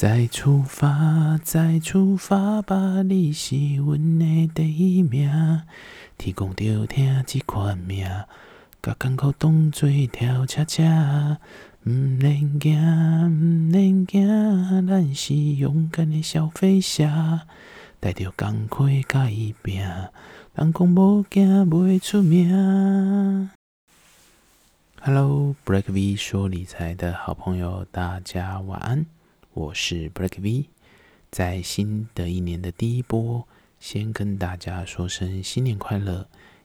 再出發，再出發吧！你是阮的第一名。天公着聽這款命，甲艱苦當做跳車車，毋免驚，毋免驚，咱是勇敢的小飛俠，帶着工課佮伊拼。人講無驚未出名。Hello，Black V 說理財的好朋友，大家晚安。我是 Black V，在新的一年的第一波，先跟大家說聲新年快樂，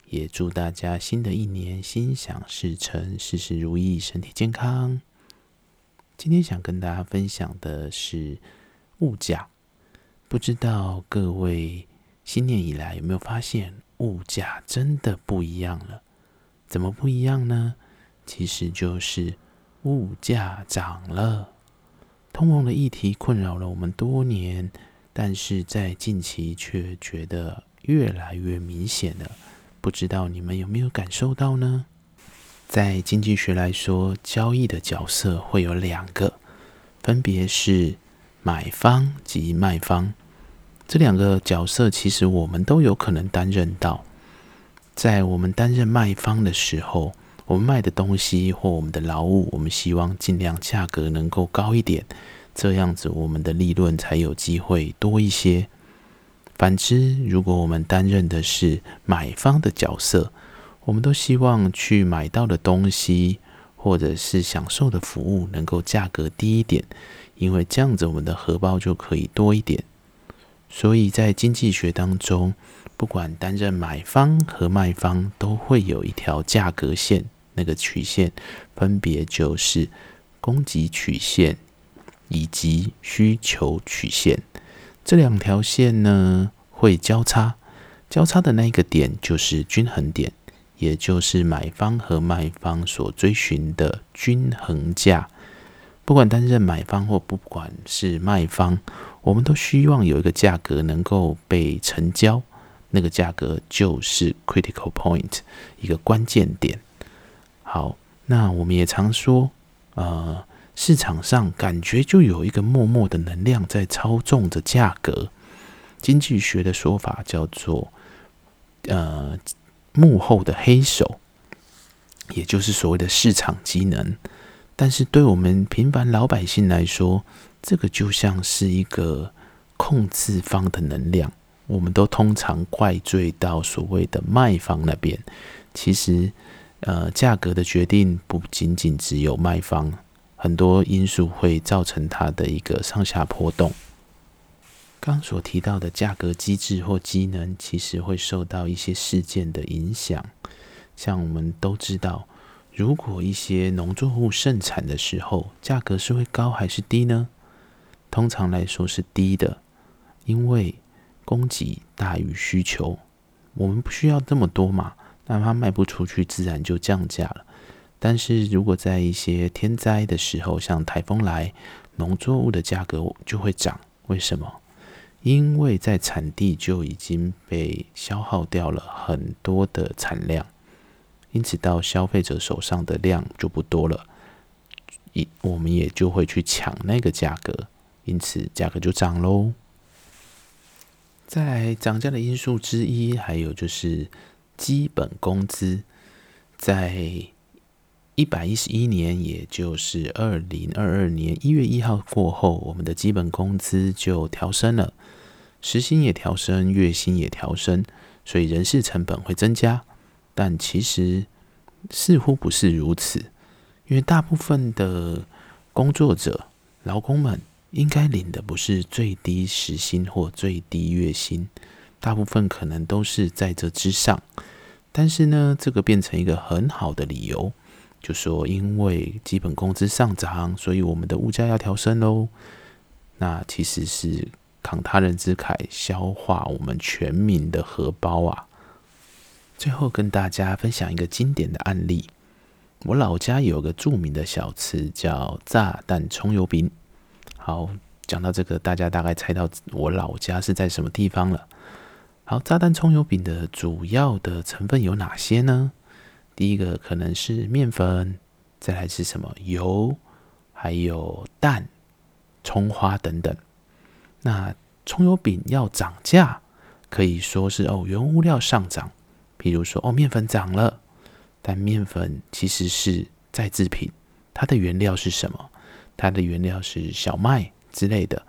也祝大家新的一年心想事成，事事如意，身體健康。今天想跟大家分享的是物價，不知道各位新年以來有沒有發現物價真的不一樣了？怎麼不一樣呢？其實就是物價漲了。通膨的議題困擾了我們多年，但是在近期卻覺得越來越明顯了。不知道你們有沒有感受到呢？在經濟學來說，交易的角色會有兩個，分別是買方及賣方。這兩個角色其實我們都有可能擔任到。在我們擔任賣方的時候，我們賣的東西或我們的勞務，我們希望盡量價格能夠高一點，這樣子我們的利潤才有機會多一些。反之，如果我們擔任的是買方的角色，我們都希望去買到的東西或者是享受的服務能夠價格低一點，因為這樣子我們的荷包就可以多一點。所以在經濟學當中，不管擔任買方和賣方，都會有一條價格線。那個曲線分別就是供給曲線以及需求曲線，這兩條線呢會交叉，交叉的那一個點就是均衡點，也就是買方和賣方所追尋的均衡價。不管擔任買方或不管是賣方，我們都希望有一個價格能夠被成交，那個價格就是 critical point 一個關鍵點。好，那我們也常說，呃，市場上感覺就有一個默默的能量在操縱着價格。經濟學的說法叫做，呃，幕後的黑手，也就是所謂的市場機能。但是對我們平凡老百姓來說，這個就像是一個控制方的能量，我們都通常怪罪到所謂的賣方那邊。其實。呃，價格的決定不僅僅只有賣方，很多因素會造成它的一個上下波動。剛所提到的價格機制或機能，其實會受到一些事件的影響。像我們都知道，如果一些農作物盛產的時候，價格是會高還是低呢？通常來說是低的，因為供給大於需求，我們不需要這麼多嘛。那它賣不出去，自然就降價了。但是如果在一些天災的時候，像台風來，農作物的價格就會漲。為什麼？因為在產地就已經被消耗掉了很多的產量，因此到消費者手上的量就不多了。一我們也就會去搶那個價格，因此價格就漲嘍。再來，漲價的因素之一，還有就是。基本工資在一百一十一年，也就是二零二二年一月一號過後，我們的基本工資就調升了，時薪也調升，月薪也調升，所以人事成本會增加。但其實似乎不是如此，因為大部分的工作者、勞工們應該領的不是最低時薪或最低月薪。大部分可能都是在這之上，但是呢，這個變成一個很好的理由，就說因為基本工資上漲，所以我們的物價要調升嘍。那其實是慷他人之慨，消化我們全民的荷包啊。最後跟大家分享一個經典的案例，我老家有個著名的小吃叫炸彈蔥油餅。好，講到這個，大家大概猜到我老家是在什麼地方了。好，炸彈蔥油餅的主要的成分有哪些呢？第一個可能是麵粉，再來是什麼？油，還有蛋、蔥花等等。那蔥油餅要漲價，可以說是哦，原物料上漲。比如說哦，麵粉漲了，但麵粉其實是再制品，它的原料是什麼？它的原料是小麥之類的。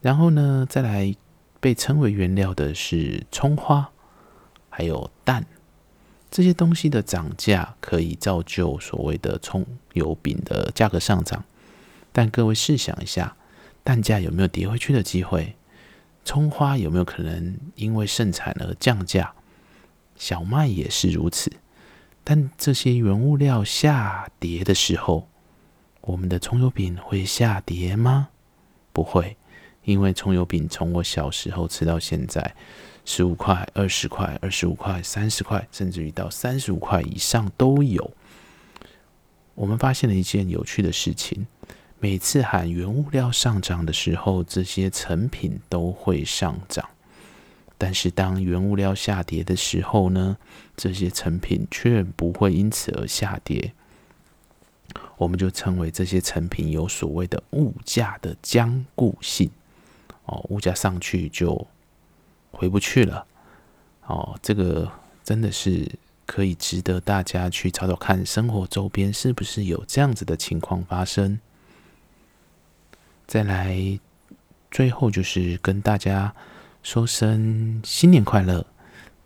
然後呢，再來。被稱為原料的是蔥花，還有蛋，這些東西的漲價可以造就所謂的蔥油餅的價格上漲。但各位試想一下，蛋價有沒有跌回去的機會？蔥花有沒有可能因為盛產而降價？小麥也是如此。但這些原物料下跌的時候，我們的蔥油餅會下跌嗎？不會。因為蔥油餅從我小時候吃到現在，十五塊、二十塊、二十五塊、三十塊，甚至於到三十五塊以上都有。我們發現了一件有趣的事情：每次喊原物料上漲的時候，這些成品都會上漲；但是當原物料下跌的時候呢，這些成品卻不會因此而下跌。我們就稱為這些成品有所謂的物價的僵固性。哦，物價上去就回不去了。哦，這個真的是可以值得大家去找找看，生活周邊是不是有這樣子的情況發生。再來，最後就是跟大家說聲新年快樂，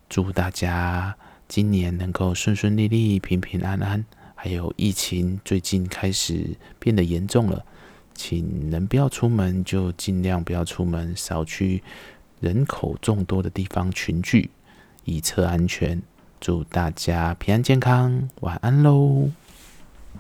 祝大家今年能夠順順利利、平平安安。還有疫情最近開始變得嚴重了。請能不要出門，就盡量不要出門，少去人口眾多的地方群聚，以策安全。祝大家平安健康，晚安嘍！